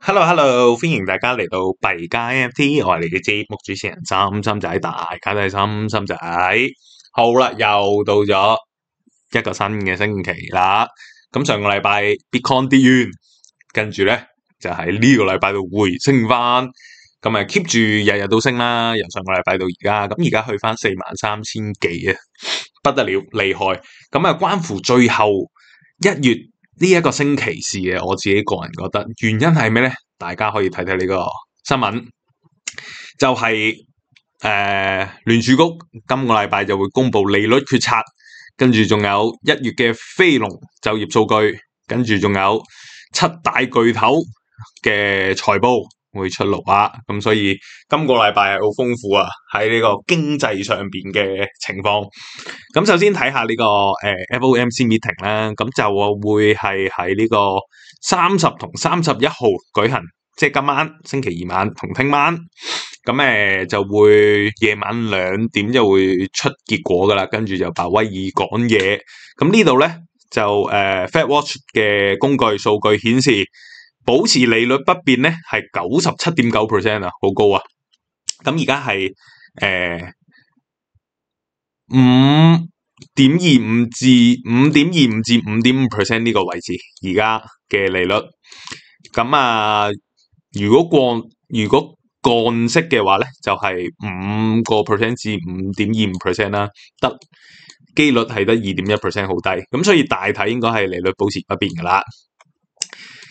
Hello Hello，歡迎大家嚟到幣加 NFT，我係你嘅節目主持人心心仔，大家都係心心仔。好啦，又到咗一個新嘅星期啦。咁上個禮拜 Bitcoin 跌完跟住咧就喺呢個禮拜度回升翻，咁啊 keep 住日日都升啦。由上個禮拜到而家，咁而家去翻四萬三千幾啊， 不得了，厲害。咁啊，關乎最後一月。呢一個星期事嘅，我自己個人覺得原因係咩咧？大家可以睇睇呢個新聞，就係誒聯儲局今個禮拜就會公布利率決策，跟住仲有一月嘅非農就業數據，跟住仲有七大巨頭嘅財報。會出爐啊！咁所以今個禮拜係好豐富啊，喺呢個經濟上邊嘅情況。咁首先睇下呢、呢個誒、呃、FOMC meeting 啦，咁就會係喺呢個三十同三十一號舉行，即係今晚星期二晚同聽晚。咁誒、呃、就會夜晚兩點就會出結果噶啦，跟住就鮑威爾講嘢。咁呢度咧就誒、呃、Fed Watch 嘅工具數據顯示。保持利率不變咧，係九十七點九 percent 啊，好高啊！咁而家係誒五點二五至五點二五至五點五 percent 呢個位置，而家嘅利率。咁啊，如果降如果降息嘅話咧，就係五個 percent 至五點二五 percent 啦，得幾率係得二點一 percent 好低。咁所以大體應該係利率保持不變㗎啦。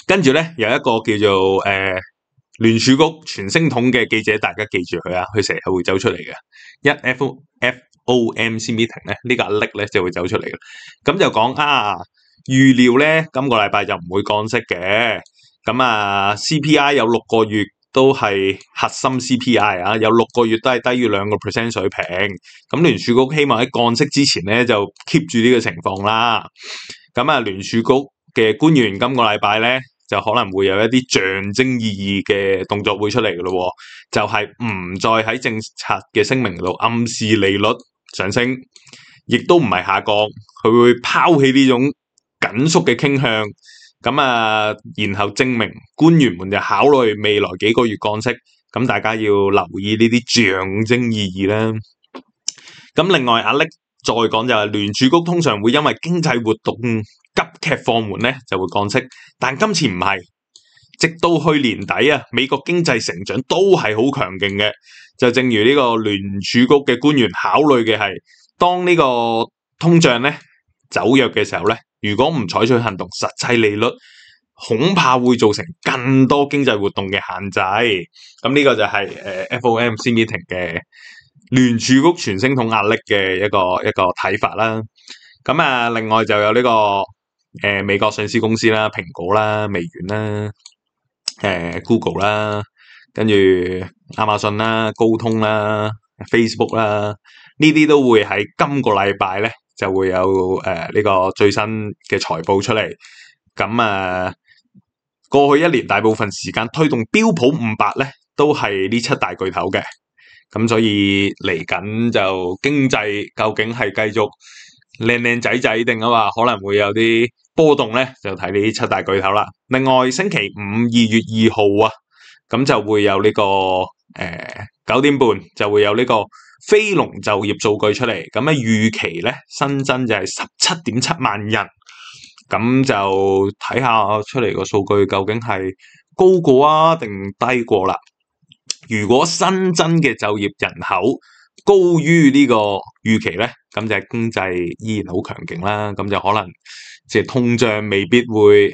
跟住咧，有一個叫做誒聯儲局傳聲筒嘅記者，大家記住佢啊，佢成日會走出嚟嘅。一 FOMC meeting 咧，呢個阿叻咧就會走出嚟啦。咁就講啊，預料咧今個禮拜就唔會降息嘅。咁啊，CPI 有六個月都係核心 CPI 啊，有六個月都係低於兩個 percent 水平。咁聯儲局希望喺降息之前咧就 keep 住呢個情況啦。咁啊，聯儲局嘅官員今個禮拜咧。就可能會有一啲象徵意義嘅動作會出嚟嘅咯，就係唔再喺政策嘅聲明度暗示利率上升，亦都唔係下降，佢會拋棄呢種緊縮嘅傾向。咁啊，然後證明官員們就考慮未來幾個月降息。咁大家要留意呢啲象徵意義啦。咁另外阿力再講就係聯儲局通常會因為經濟活動。急劇放緩咧就會降息，但今次唔係。直到去年底啊，美國經濟成長都係好強勁嘅。就正如呢個聯儲局嘅官員考慮嘅係，當呢個通脹咧走弱嘅時候咧，如果唔採取行動，實際利率恐怕會造成更多經濟活動嘅限制。咁呢個就係、是、誒、uh, FOMC meeting 嘅聯儲局全聲筒壓力嘅一個一個睇法啦。咁啊，另外就有呢、這個。誒、呃，美國上市公司啦，蘋果啦，微軟啦，誒、呃、Google 啦，跟住亞馬遜啦，高通啦、啊、Facebook 啦，呢啲都會喺今個禮拜咧就會有誒呢、呃這個最新嘅財報出嚟。咁、嗯、啊，過去一年大部分時間推動標普五百咧，都係呢七大巨頭嘅。咁、嗯、所以嚟緊就經濟究竟係繼續靚靚仔仔定啊，可能會有啲波動咧，就睇呢七大巨頭啦。另外星期五二月二號啊，咁就會有呢個誒呃，九點半就會有呢個非農就業數據出嚟。咁咧預期咧新增就係十七點七萬人，咁就睇下出嚟個數據究竟係高過啊定低過啦、啊。如果新增嘅就業人口，高於呢個預期咧，咁就經濟依然好強勁啦，咁就可能即係通脹未必會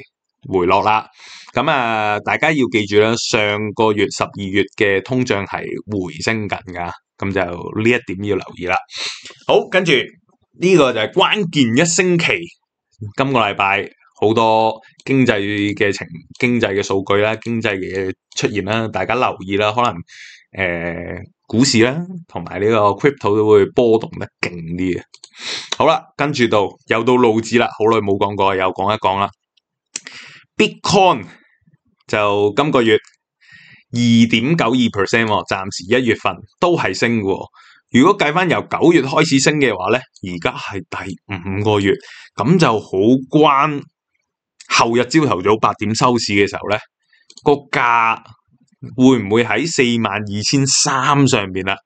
回落啦。咁啊，大家要記住啦，上個月十二月嘅通脹係回升緊噶，咁就呢一點要留意啦。好，跟住呢個就係關鍵一星期，今個禮拜好多經濟嘅情、經濟嘅數據啦、經濟嘅出現啦，大家留意啦，可能。誒股市啦，同埋呢個 crypto 都會波動得勁啲嘅。好啦，跟住到又到路指啦，好耐冇講過，又講一講啦。Bitcoin 就今個月二點九二 percent 喎，暫時一月份都係升嘅。如果計翻由九月開始升嘅話咧，而家係第五個月，咁就好關後日朝頭早八點收市嘅時候咧，個價。會唔會喺四萬二千三上面啦？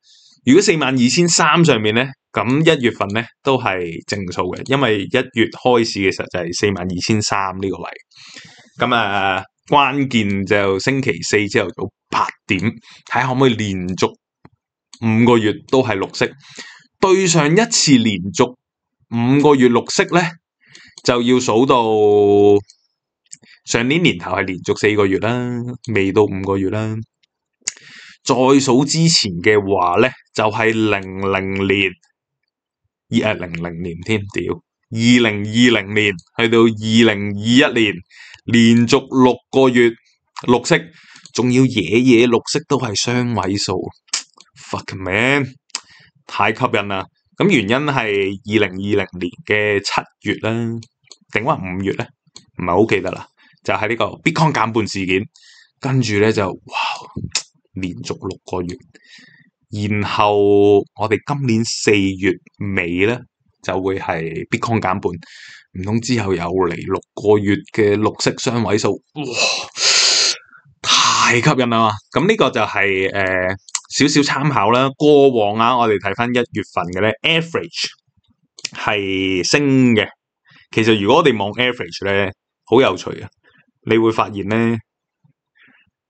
如果四萬二千三上面咧，咁一月份咧都係正數嘅，因為一月開始嘅時候就係四萬二千三呢個位。咁啊，關鍵就星期四朝頭早八點，睇下可唔可以連續五個月都係綠色。對上一次連續五個月綠色咧，就要數到。上年年頭係連續四個月啦，未到五個月啦。再數之前嘅話咧，就係零零年，二零零年添，屌二零二零年去到二零二一年，連續六個月綠色，仲要嘢嘢綠色都係雙位數。 fuck man，太吸引啦！咁原因係二零二零年嘅七月啦，定話五月咧？唔係好記得啦，就係呢個 Bitcoin 減半事件，跟住咧就，哇，連續六個月，然後我哋今年四月尾咧就會係 Bitcoin 減半，唔通之後又嚟六個月嘅綠色雙位數，哇，太吸引啦嘛！咁呢個就係誒少少參考啦。過往啊，我哋睇翻一月份嘅咧 average 係升嘅，其實如果我哋望 average 咧。好有趣啊！你會發現咧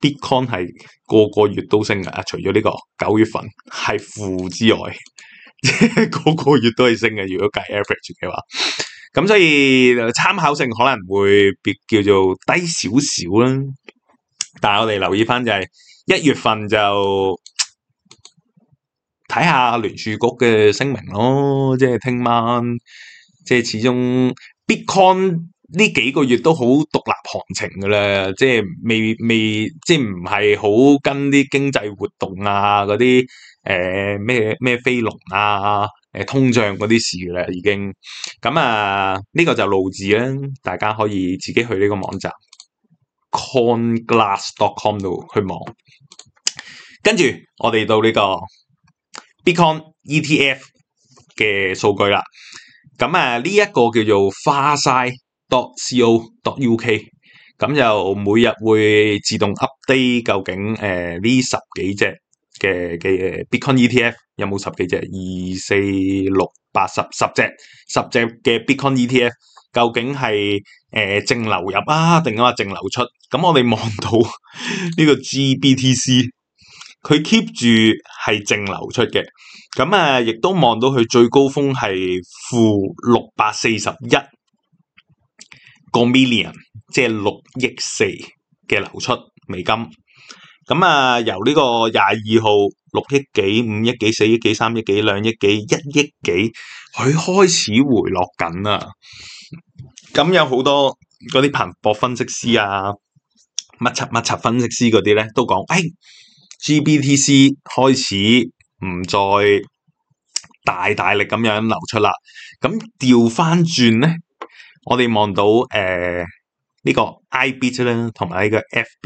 ，Bitcoin 係個個月都升嘅，啊，除咗呢、這個九月份係負之外，個 個月都係升嘅。如果計 average 嘅話，咁所以參考性可能會比叫做低少少啦。但係我哋留意翻就係、是、一月份就睇下聯儲局嘅聲明咯，即係聽晚，即係始終 Bitcoin。呢幾個月都好獨立行情嘅啦，即係未未即係唔係好跟啲經濟活動啊嗰啲誒咩咩飛龍啊誒通脹嗰啲事啦，已經咁啊呢、這個就路字啦，大家可以自己去呢個網站 coinglass.com 度去望，跟住我哋到呢個 Bitcoin ETF 嘅數據啦，咁啊呢一、這個叫做花曬。dot co dot uk 咁又每日會自動 update 究竟，誒呢、呃、十幾隻嘅嘅 Bitcoin ETF 有冇十幾隻二四六八十十隻十隻嘅 Bitcoin ETF 究竟係誒淨流入啊定啊淨流出？咁我哋望到呢 個 GBTC 佢 keep 住係淨流出嘅，咁啊亦都望到佢最高峰係負六百四十一。個 million 即係六億四嘅流出美金，咁、嗯、啊由呢個廿二號，六億幾、五億幾、四億幾、三億幾、兩億幾、一億幾，佢開始回落緊、啊、啦。咁、嗯、有好多嗰啲彭博分析師啊，乜柒乜柒分析師嗰啲咧都講，哎，GBTC 開始唔再大大力咁樣流出啦，咁調翻轉咧。我哋望到誒、呃這個、呢個 IBIT 咧，同埋呢個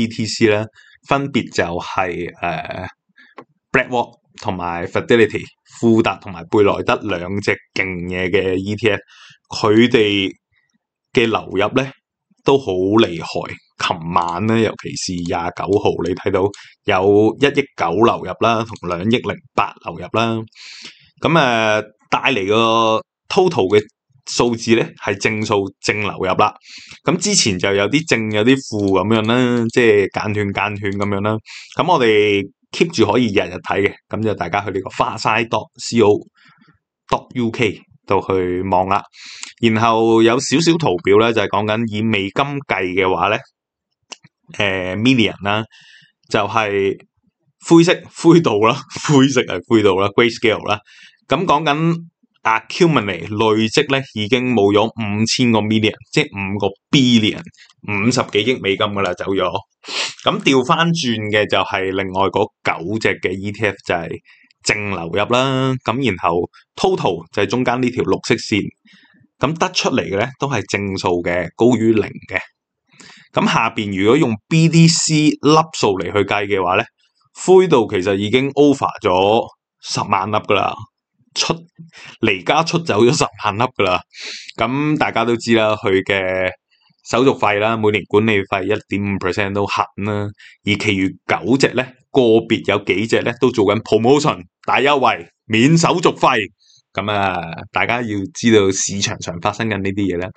FBTC 咧，分別就係、是、誒、呃、BlackRock 同埋 Fidelity 富達同埋貝萊德兩隻勁嘢嘅 ETF，佢哋嘅流入咧都好厲害。琴晚咧，尤其是廿九號，你睇到有一億九流入啦，同兩億零八流入啦，咁誒帶嚟個 total 嘅。數字咧係正數正流入啦，咁之前就有啲正有啲負咁樣啦，即係間斷間斷咁樣啦。咁我哋 keep 住可以日日睇嘅，咁就大家去呢個 farside.co.uk 度去望啦。然後有少少圖表咧就係講緊以美金計嘅話咧，誒、呃、million 啦，就係灰色灰度啦，灰色係灰度啦，Grayscale 啦。咁講緊。accumulate 累積咧已經冇咗五千個 million，即係五個 billion，五十幾億美金噶啦走咗。咁調翻轉嘅就係另外嗰九隻嘅 ETF 就係淨流入啦。咁然後 total 就係中間呢條綠色線。咁得出嚟嘅咧都係正數嘅，高於零嘅。咁下邊如果用 BDC 粒數嚟去計嘅話咧，灰度其實已經 over 咗十萬粒噶啦。出離家出走咗十萬粒噶啦，咁大家都知啦，佢嘅手續費啦，每年管理費一點五 percent 都狠啦。而其餘九隻咧，個別有幾隻咧都做緊 promotion，大優惠，免手續費。咁啊，大家要知道市場上發生緊呢啲嘢咧。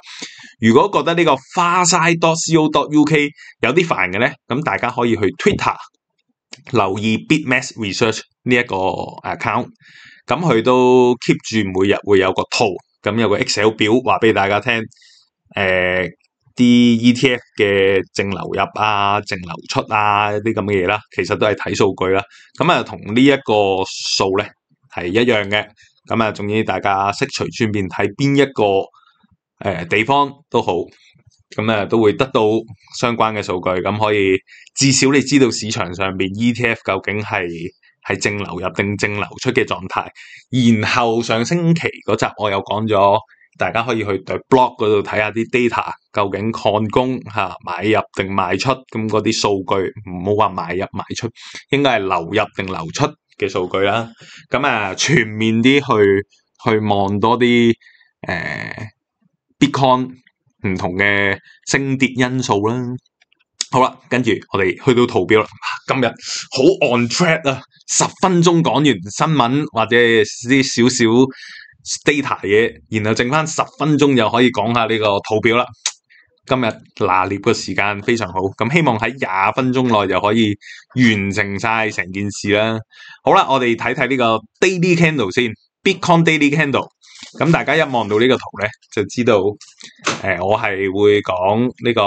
如果覺得呢個 farside.co.uk 有啲煩嘅咧，咁大家可以去 Twitter 留意 BitMEX Research 呢一個 account。咁佢都 keep 住每日會有個圖，咁有個 Excel 表話俾大家聽，誒、呃、啲 ETF 嘅淨流入啊、淨流出啊一啲咁嘅嘢啦，其實都係睇數據啦。咁啊，同呢一個數咧係一樣嘅。咁啊，仲要大家識隨處便睇邊一個誒、呃、地方都好，咁咧、啊、都會得到相關嘅數據。咁可以至少你知道市場上邊 ETF 究竟係。係淨流入定淨流出嘅狀態，然後上星期嗰集我有講咗，大家可以去、The、blog 嗰度睇下啲 data 究竟礦工、嚇、啊、買入定賣出咁嗰啲數據，唔好話買入賣出，那那買買出應該係流入定流出嘅數據啦。咁啊，全面啲去去望多啲誒、呃、Bitcoin 唔同嘅升跌因素啦。好啦，跟住我哋去到圖表啦。今日好 on track 啊，十分鐘講完新聞或者啲少少 stata 嘢，然後剩翻十分鐘就可以講下呢個圖表啦。今日拿捏嘅時間非常好，咁、嗯、希望喺廿分鐘內就可以完成晒成件事啦。好啦，我哋睇睇呢個 daily candle 先，Bitcoin daily candle、嗯。咁大家一望到呢個圖咧，就知道誒、呃，我係會講呢、這個。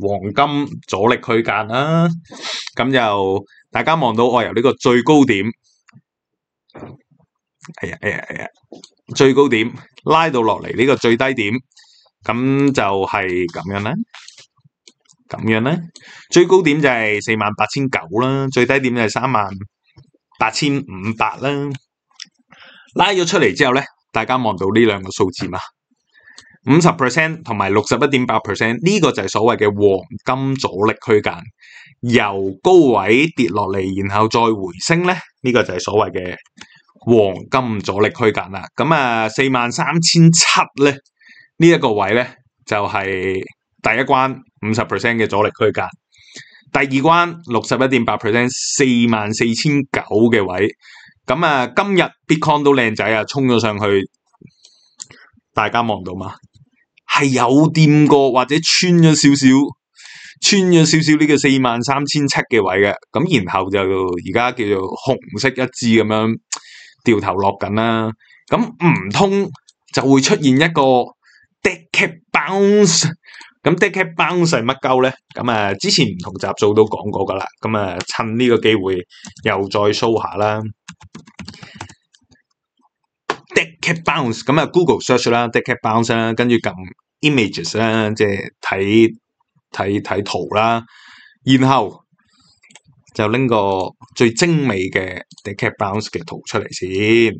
黃金阻力區間啦，咁就大家望到我由呢個最高點，哎呀，哎呀，哎呀，最高點拉到落嚟呢個最低點，咁就係咁樣啦，咁樣啦，最高點就係四萬八千九啦，最低點就係三萬八千五百啦，拉咗出嚟之後咧，大家望到呢兩個數字嘛。五十 percent 同埋六十一點八 percent 呢個就係所謂嘅黃金阻力區間，由高位跌落嚟，然後再回升咧，呢個就係所謂嘅黃金阻力區間啦。咁啊，四萬三千七咧呢一個位咧就係第一關五十 percent 嘅阻力區間，第二關六十一點八 percent 四萬四千九嘅位。咁啊，今日 Bitcoin 都靚仔啊，衝咗上去，大家望到嘛？係有掂過或者穿咗少少，穿咗少少呢個四萬三千七嘅位嘅，咁然後就而家叫做紅色一支咁樣掉頭落緊啦，咁唔通就會出現一個 dead cat bounce，咁 dead cat bounce 係乜鳩咧？咁啊，之前唔同集數都講過噶啦，咁啊趁呢個機會又再 show 下啦。Dead Cat Bounce 咁啊，Google Search 啦 Dead Cat Bounce 啦，跟住撳 Images 啦，即係睇睇睇圖啦，然後就拎個最精美嘅 Dead Cat Bounce 嘅圖出嚟先，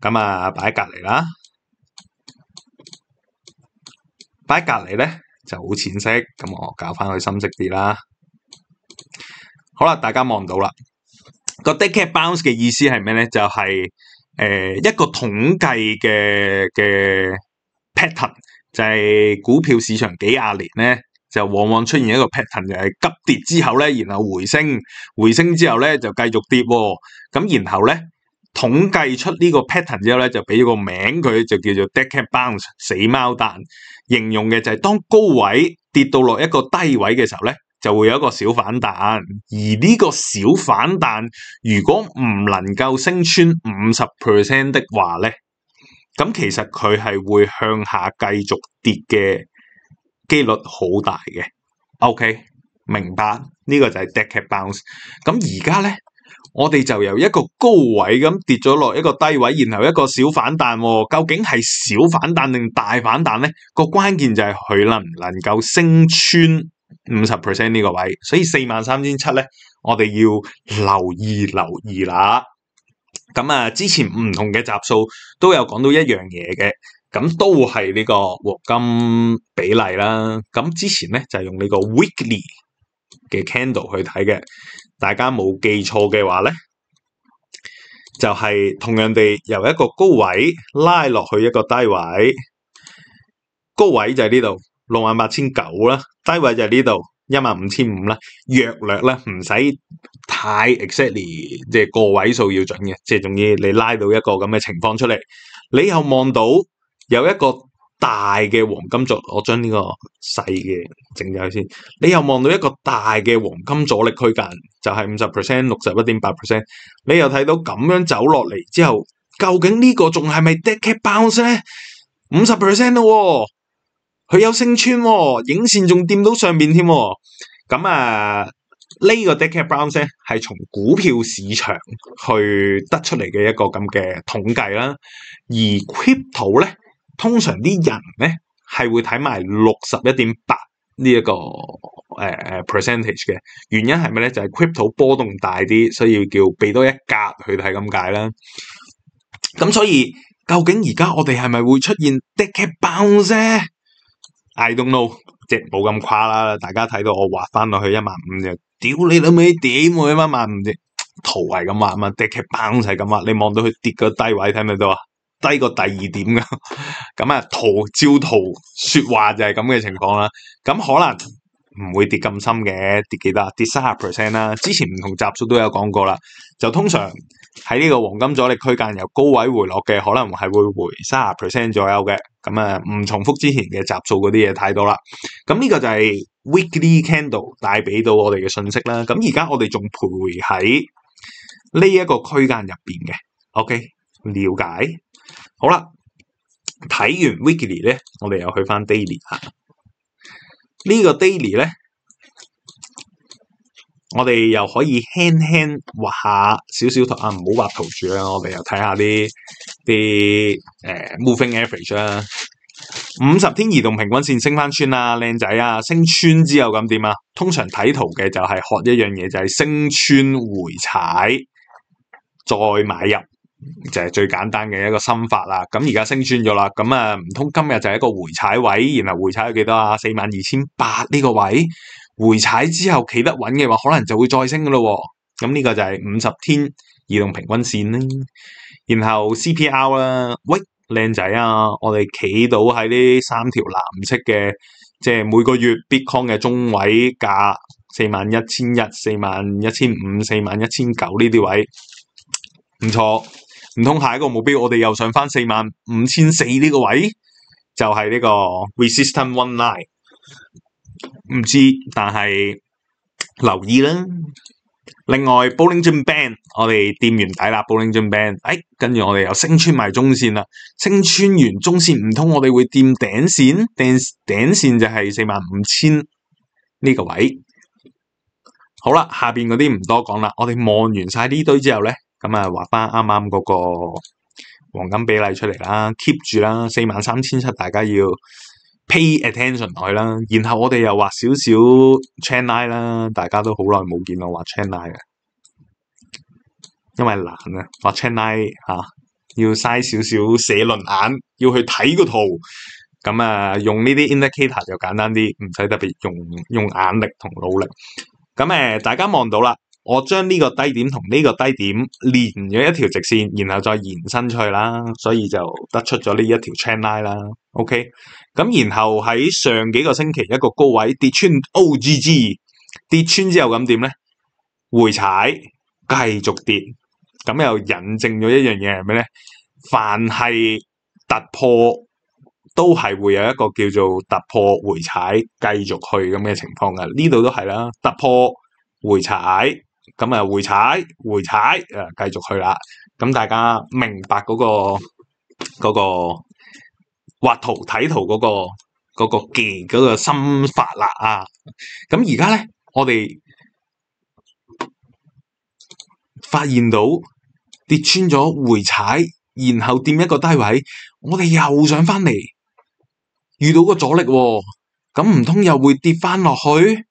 咁啊擺喺隔籬啦，擺喺隔籬咧就好淺色，咁我搞翻佢深色啲啦，好啦，大家望到啦，個 Dead Cat Bounce 嘅意思係咩咧？就係、是。誒、呃、一個統計嘅嘅 pattern 就係股票市場幾廿年咧，就往往出現一個 pattern 就係急跌之後咧，然後回升，回升之後咧就繼續跌喎、哦。咁然後咧統計出呢個 pattern 之後咧，就俾咗個名佢就叫做 dead cat bounce 死貓彈形容嘅就係當高位跌到落一個低位嘅時候咧。就會有一個小反彈，而呢個小反彈如果唔能夠升穿五十 percent 的話咧，咁其實佢係會向下繼續跌嘅幾率好大嘅。OK，明白？呢個就係 dead cat bounce。咁而家咧，我哋就由一個高位咁跌咗落一個低位，然後一個小反彈，究竟係小反彈定大反彈咧？個關鍵就係佢能唔能夠升穿。五十 percent 呢個位，所以四萬三千七咧，我哋要留意留意啦。咁啊，之前唔同嘅集數都有講到一樣嘢嘅，咁都係呢個黃金比例啦。咁之前咧就係用呢個 weekly 嘅 candle 去睇嘅，大家冇記錯嘅話咧，就係同樣地由一個高位拉落去一個低位，高位就喺呢度，六萬八千九啦，68, 900，低位就喺呢度一萬五千五啦，15, 500，弱略啦，唔使太 exactly，即係個位數要準嘅，即係仲要你拉到一個咁嘅情況出嚟。你又望到有一個大嘅黃金阻力，我將呢個細嘅整咗先。你又望到一個大嘅黃金阻力區間，就係五十 percent、六十一點八 percent。你又睇到咁樣走落嚟之後，究竟個是是呢個仲係咪 dead cat bounce 咧？五十 percent 咯喎！佢有升穿喎，影線仲掂到上面添。咁啊，這個、呢個 dead cat bounce 咧係從股票市場去得出嚟嘅一個咁嘅統計啦。而 crypto 咧，通常啲人咧係會睇埋六十一點八呢一個誒誒 percentage 嘅原因係咩咧？就係、是、crypto 波動大啲，所以叫畀多一格，佢哋係咁解啦。咁所以究竟而家我哋係咪會出現 dead cat bounce？I don't know，即係冇咁誇啦，大家睇到我畫翻落去一萬五啫，屌你老味點會一萬五啫，圖係咁啊嘛，的其棒就係咁啊，你望到佢跌個低位，睇唔睇到啊？低過第二點噶，咁 啊圖照圖說話就係咁嘅情況啦。咁可能唔會跌咁深嘅，跌幾多？跌三十 percent 啦。之前唔同集數都有講過啦，就通常。喺呢個黃金阻力區間由高位回落嘅，可能係會回三十 percent 左右嘅。咁啊，唔重複之前嘅集數嗰啲嘢太多啦。咁呢個就係 weekly candle 帶俾到我哋嘅信息啦。咁而家我哋仲徘徊喺呢一個區間入邊嘅。OK，了解。好啦，睇完 weekly 咧，我哋又去翻 daily 啊。呢、這個 daily 咧。我哋又可以輕輕畫下少少圖啊，唔好畫圖住啦。我哋又睇下啲啲誒 moving average 啦、啊，五十天移動平均線升翻穿啊，靚仔啊，升穿之後咁點啊？通常睇圖嘅就係學一樣嘢，就係升穿回踩，再買入就係最簡單嘅一個心法啦。咁而家升穿咗啦，咁啊唔通今日就係一個回踩位，然後回踩有幾多啊？四萬二千八呢個位。回踩之後企得穩嘅話，可能就會再升噶咯、哦。咁、嗯、呢、這個就係五十天移動平均線咧。然後 CPR 啦、啊，喂靚仔啊，我哋企到喺呢三條藍色嘅，即係每個月 Bitcoin 嘅中位價四萬一千一、四萬一千五、四萬一千九呢啲位，唔錯。唔通下一個目標我哋又上返四萬五千四呢個位？就係、是、呢個 resistant One Line。唔知，但係留意啦。另外，Bollinger Band，我哋掂完底啦，Bollinger Band，哎，跟住我哋又升穿埋中線啦，升穿完中線，唔通我哋會掂頂線？頂頂線就係四萬五千呢個位。好啦，下邊嗰啲唔多講啦，我哋望完晒呢堆之後咧，咁啊，畫翻啱啱嗰個黃金比例出嚟啦，keep 住啦，四萬三千七，大家要。pay attention 落去啦，然後我哋又畫少少 channel 啦，大家都好耐冇見我畫 channel 嘅，因為難啊，畫 channel 要嘥少少寫輪眼，要去睇個圖，咁啊用呢啲 indicator 就簡單啲，唔使特別用用眼力同腦力，咁誒、啊、大家望到啦。我將呢個低點同呢個低點連咗一條直線，然後再延伸出去啦，所以就得出咗呢一條 channel line 啦。OK，咁然後喺上幾個星期一個高位跌穿 OGG，跌穿之後咁點咧？回踩繼續跌，咁又引證咗一樣嘢係咩咧？凡係突破都係會有一個叫做突破回踩繼續去咁嘅情況噶，呢度都係啦，突破回踩。咁啊，回踩回踩，啊，繼續去啦。咁大家明白嗰個嗰個畫圖睇圖嗰個嗰個技嗰個心法啦啊。咁而家咧，我哋發現到跌穿咗回踩，然後墊一個低位，我哋又想翻嚟，遇到個阻力喎，咁唔通又會跌翻落去？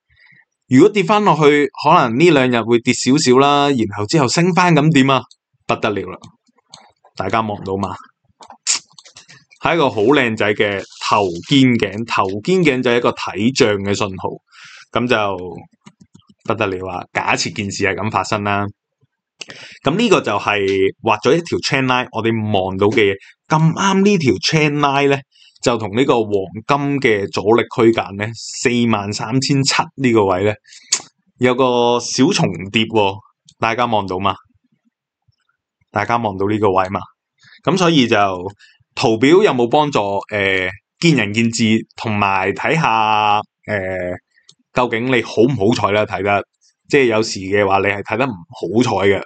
如果跌翻落去，可能呢兩日會跌少少啦，然後之後升翻咁點啊？不得了啦！大家望到嘛？係一個好靚仔嘅頭肩頸，頭肩頸就係一個睇漲嘅信號，咁就不得了啊！假設件事係咁發生啦，咁呢個就係畫咗一條 channel line，我哋望到嘅，嘢，咁啱呢條 channel line 咧。就同呢個黃金嘅阻力區間咧，四萬三千七呢個位咧，有個小重疊喎、哦。大家望到嘛？大家望到呢個位嘛？咁所以就圖表有冇幫助？誒、呃，見仁見智。同埋睇下誒、呃，究竟你好唔好彩咧？睇得即係、就是、有時嘅話，你係睇得唔好彩嘅，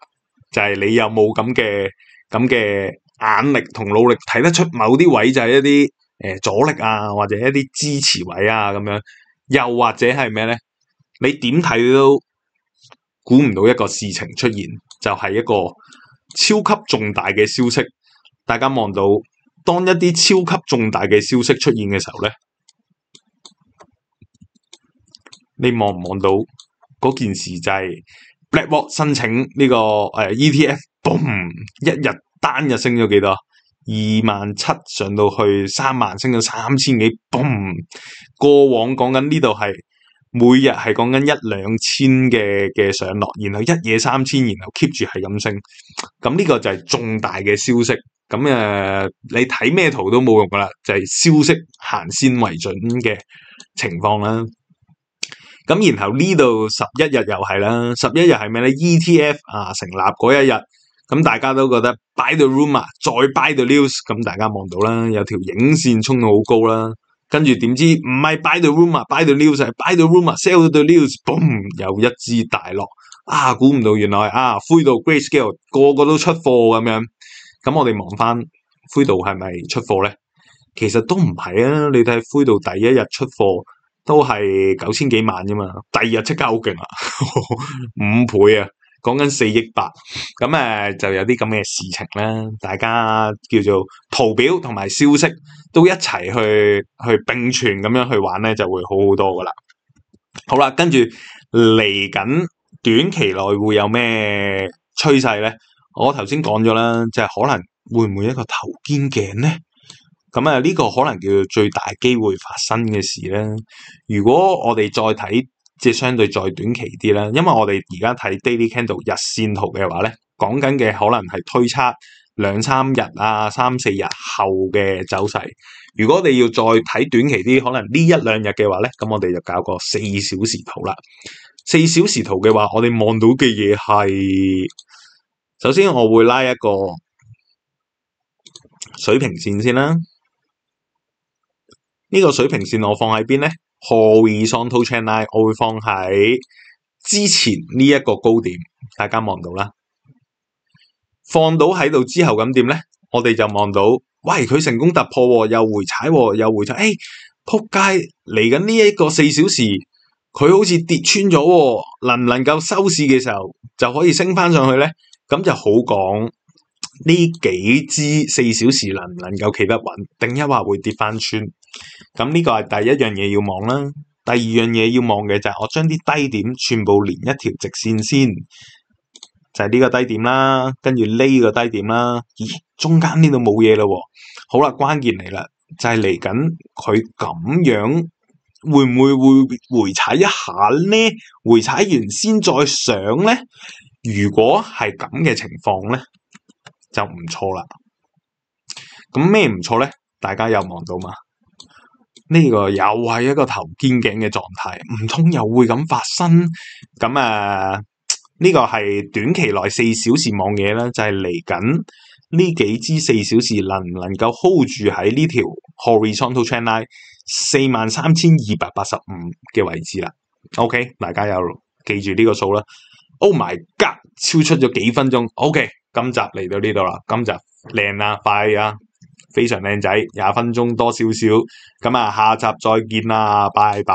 就係、是、你有冇咁嘅咁嘅眼力同努力睇得出某啲位就係一啲。誒，阻力啊，或者一啲支持位啊，咁樣，又或者係咩咧？你點睇都估唔到一個事情出現，就係、是、一個超級重大嘅消息。大家望到，當一啲超級重大嘅消息出現嘅時候咧，你望唔望到件事就係 Blackboard 申請呢、這個誒、呃、ETF，boom，一日單日升咗幾多？二萬七上到去三萬，升到三千幾，嘣！過往講緊呢度係每日係講緊一兩千嘅嘅上落，然後一夜三千，然後 keep 住係咁升，咁、嗯、呢、呢個就係重大嘅消息。咁、嗯、誒，你睇咩圖都冇用噶啦，就係、是、消息行先為準嘅情況啦。咁、嗯、然後呢度十一日又係啦，十一日係咩咧？ETF 啊，成立嗰一日。咁大家都覺得 buy the rumor，再 buy the news，咁大家望到啦，有條影線衝到好高啦，跟住點知唔係 buy the rumor，buy the news，係 buy the rumor sell the news，boom 有一支大落啊！估唔到原來啊灰度 Grayscale 個個都出貨咁樣，咁我哋望翻灰度係咪出貨咧？其實都唔係啊，你睇灰度第一日出貨都係九千幾萬啫嘛，第二日即刻好勁啊， 五倍啊！講緊四億八，咁誒、呃、就有啲咁嘅事情啦。大家叫做圖表同埋消息都一齊去去並存咁樣去玩咧，就會好好多噶啦。好啦，跟住嚟緊短期內會有咩趨勢咧？我頭先講咗啦，即係、可能會唔會一個頭肩頸咧？咁誒呢個可能叫做最大機會發生嘅事咧。如果我哋再睇。即係相對再短期啲啦，因為我哋而家睇 daily candle 日線圖嘅話咧，講緊嘅可能係推測兩三日啊、三四日後嘅走勢。如果你要再睇短期啲，可能呢一兩日嘅話咧，咁我哋就搞個四小時圖啦。四小時圖嘅話，我哋望到嘅嘢係，首先我會拉一個水平線先啦。呢個水平線我放喺邊咧？何以雙頭線呢？我會放喺之前呢一個高點，大家望到啦。放到喺度之後咁點呢？我哋就望到，喂，佢成功突破，又回踩，又回踩，哎、欸，撲街！嚟緊呢一個四小時，佢好似跌穿咗，能唔能夠收市嘅時候就可以升翻上去呢？咁就好講呢幾支四小時能唔能夠企得穩，定一話會跌翻穿。咁呢個係第一樣嘢要望啦，第二樣嘢要望嘅就係我將啲低點全部連一條直線先，就係呢個低點啦，跟住呢個低點啦，咦，中間呢度冇嘢咯，好啦，關鍵嚟啦，就係嚟緊佢咁樣會唔會會回踩一下呢？回踩完先再上呢？如果係咁嘅情況呢，就唔錯啦。咁咩唔錯呢？大家有望到嘛？呢個又係一個頭肩頸嘅狀態，唔通又會咁發生？咁啊，呢、這個係短期內四小時望嘢啦，就係嚟緊呢幾支四小時能唔能夠 hold 住喺呢條 horizontal trend line 四萬三千二百八十五嘅位置啦？OK，大家又記住呢個數啦。Oh my god，超出咗幾分鐘。OK，今集嚟到呢度啦，今集，靚啦、啊，快啊！非常靚仔，廿分鐘多少少，咁啊，下集再見啦，拜拜。